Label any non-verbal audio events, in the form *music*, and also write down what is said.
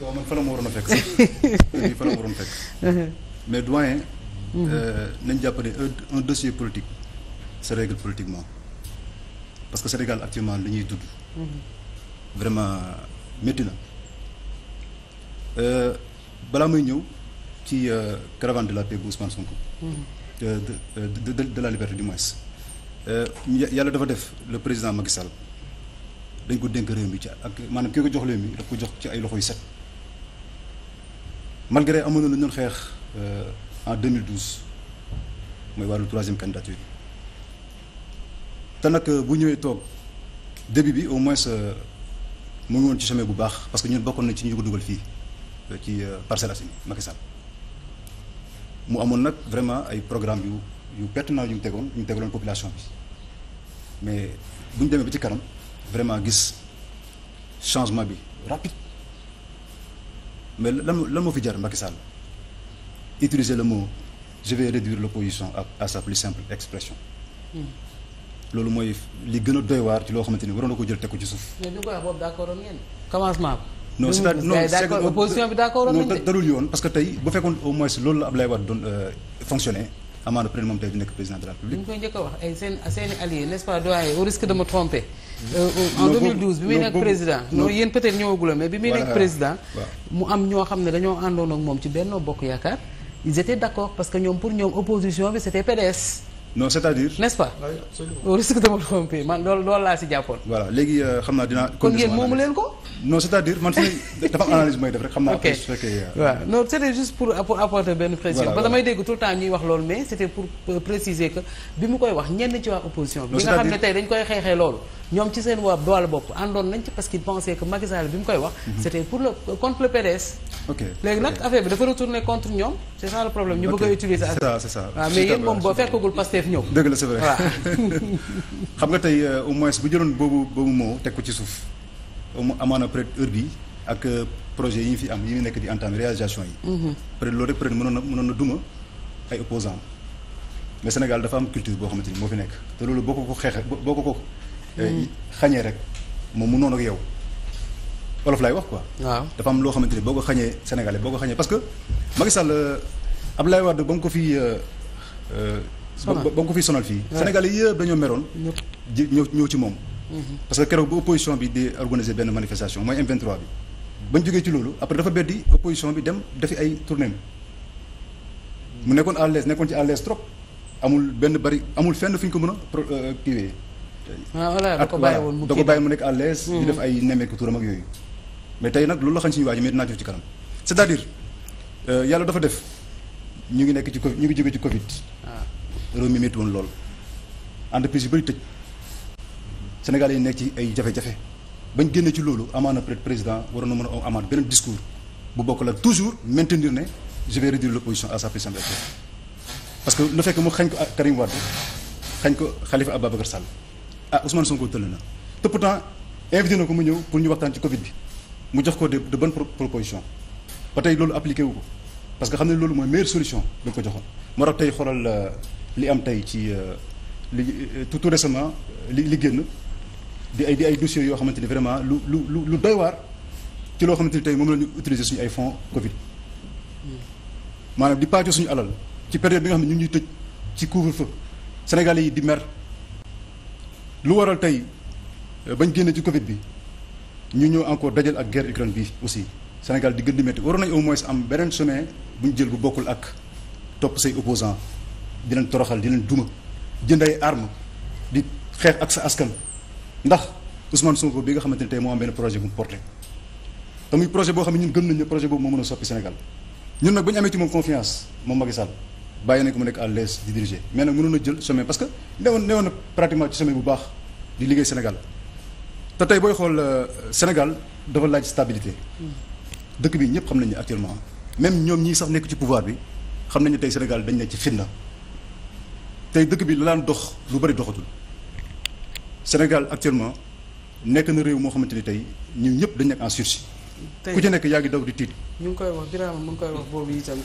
waaw man fa la ma waroon a fekk sax *laughs* fa la ma uh-huh. mais doyen. Mhm. Euh, nañ jàpp un dossier politique se règle politiquement parce que Sénégal actuellement li ñuy dudd. Uh-huh. vraiment métti na. Euh, balaa may ñëw ci euh, caravane de la paix bu Sonko. Uh-huh. de de de la liberté du moins. yàlla dafa def le président Macky Sall dañ ko dénk réew mi ci ak maanaam kii ko jox réew mi daf ko jox ci ay loxo yu set. malgré amoon na lu ñu doon xeex euh, en 2012 mooy wàllu troisième candidature te nag euh, bu ñëwee toog début bi au moins euh, mu ngi woon ci chemin bu baax parce que ñun bokkoon na ci ñu ko dugal fii ci Parcelles Assainies Macky Sall mu amoon nag vraiment ay programme yu yu pertinent yu ñu tegoon ñu tegaloon population bi mais bu ñu demee ba ci kanam vraiment gis changement bi rapide. mais lan lan moo fi jar Macky Sall utiliser le mot je vais réduire l'opposition à, à sa plus simple expression. Hmm. loolu mooy li gën a doy waar ci loo xamante ni waroon na ko jël teg ko ci suuf. mais ñu koy wax boobu d'accord woon ngeen. ko. non c'est non dalul yoon parce que tey bu fekkoon au loolu la Ablaye Wade doon euh, fonctionner. Amadou Pène moom tey di nekk président de la République. ñu koy njëkk a wax ay seen seen allié n'est-ce pas doyen au risque de me mm-hmm. euh, euh, en bi muy nekk président. non yéen peut ñëwagula mais bi muy nekk président. mu am ñoo xam ne dañoo àndoon ak moom ci Benno Bokk Yaakaar. ils étaient d'accord parce que ñoom pour ñoom opposition bi c'était PDS. non c'est-à-dire. n'est-ce pas. au risque de me man loolu loolu laa si jàppoon. voilà léegi euh, xam naa dinaa. kon ngeen moomu leen ko. non c'est-à-dire man su dafa analyse mooy def rek xam naa. ok su fekkee waaw euh, non c'était juste pour pour apporter benn précision. ba damay dégg tout temps ñuy wax loolu mais c'était pour préciser que bi mu koy wax ñenn ci waa opposition bi. nga xam dañ koy xeexee loolu. ñoom seen waa doole bopp àndoon nañ parce que Macky Sall bi mu koy wax. Mhm. c'était pour le contre le PDS. ok léegi nag affaire a utiliser. c'est *laughs* nga tey euh, au moins bu jëloon boobu boobu moo teg ko ci suuf mu amaana peut être heure bi ak euh, projet yi ñu fi am yi ñu nekk di entame réalisation yi. Mhm. peut être loolu rek peut être mënoon na mënoon na duma ay opposants mais Sénégal dafa am culture boo xamante ni moo fi nekk te loolu boo ko ko xeex boo ko ko. Euh, mhm. xañee rek moom mu noonu ak yow wolof laay wax quoi. waaw dafa am loo xamante ni boo ko xañee Sénégalais boo ko xañee parce que Macky Sall euh, Abdoulaye Wade ba mu ko fi. sonal ba mu ko fi sonal fii. Sénégalais yëpp dañoo meroon. ñëw ñëw ci moom. parce que keroog bu opposition bi di organiser benn manifestation mooy M23 bi bañ jógee ci loolu après dafa beddi opposition bi dem defi ay tournée mu nekkoon à l'aise nekkoon ci à l'aise trop amul benn bari amul fenn fi ñu ko mën a pro euh, kiiwee. ah voilà da ko bàyyi woon mu da ko bàyyi mu nekk à l'aise di def ay nemmeeku turam ak yooyu. mais tey nag loolu la xam si ñu waaj mais dinaa jóg ci kanam c'est-à-dire euh, yàlla dafa def ñu ngi nekk ci Covid ñu ngi jóge ci Covid. waaw ah. réew mi lool entreprise yu Sénégalais yi nekk ci ay jafe-jafe bañ génnee ci loolu amaana peut-être président waroon na mën a amaat beneen discours bu bokk la toujours maintenir ne je vais réduire l'opposition à sa plus simple parce que lu fekk que mu xañ ko Karim Wade xañ ko xalifa Ababacar Sall ah Ousmane Sonko tëll na te pourtant invité na ko mu ñëw pour ñu waxtaan ci Covid bi mu jox ko de de bonnes propositions ba tey loolu appliqué wu ko parce que xam ne loolu mooy meilleure solution bi ko joxoon moo tax tey xoolal euh, li am tey ci euh, li euh, tout tout récemment li li génn. di ay di ay yoo xamante ni vraiment lu lu lu lu doy waar ci loo xamante ni tey moom la ñu utiliser suñu ay fonds Covid maanaam di pàccoo suñu alal ci période bi nga xam ne ñu ngi ñuy tëj ci couvre-feu Sénégalais yi di mer lu waral tey euh, bañ génne ci Covid bi ñu ñëw encore dajal ak guerre Ukraine bi aussi Sénégal di gën di métti waroon nañ au moins am beneen sommet bu ñu jël bu bokkul ak topp say opposants di leen toroxal di leen duma jënd ay armes di xeex ak sa askan. ndax Ousmane Sonko bi nga xamante ne tey moo am benn projet bu mu porté te projet boo xam ne ñun gëm nañu projet boobu moo mën a soppi Sénégal ñun nag ba ñu amee ci moom confiance moom i Sall bàyyi nañ ko mu nekk à l'aise di diriger mais nag mënoon na jël sommet parce que newoon newoon na pratiquement ci sommet bu baax di liggéey Sénégal te tey booy xool euh, Sénégal dafa laaj stabilité dëkk bi ñëpp xam nañu actuellement même ñoom ñii sax nekk ci pouvoir bi xam nañu tey Sénégal dañ ne ci fitna tey dëkk bi la daan dox lu bari doxatul. Sénégal actuellement nekk na réew moo xamante ni tey ñu ñëpp dañ nekk en sursis ku ci nekk yaa ngi daw di tiit. ñu ngi koy wax mu ngi koy wax boobu itam.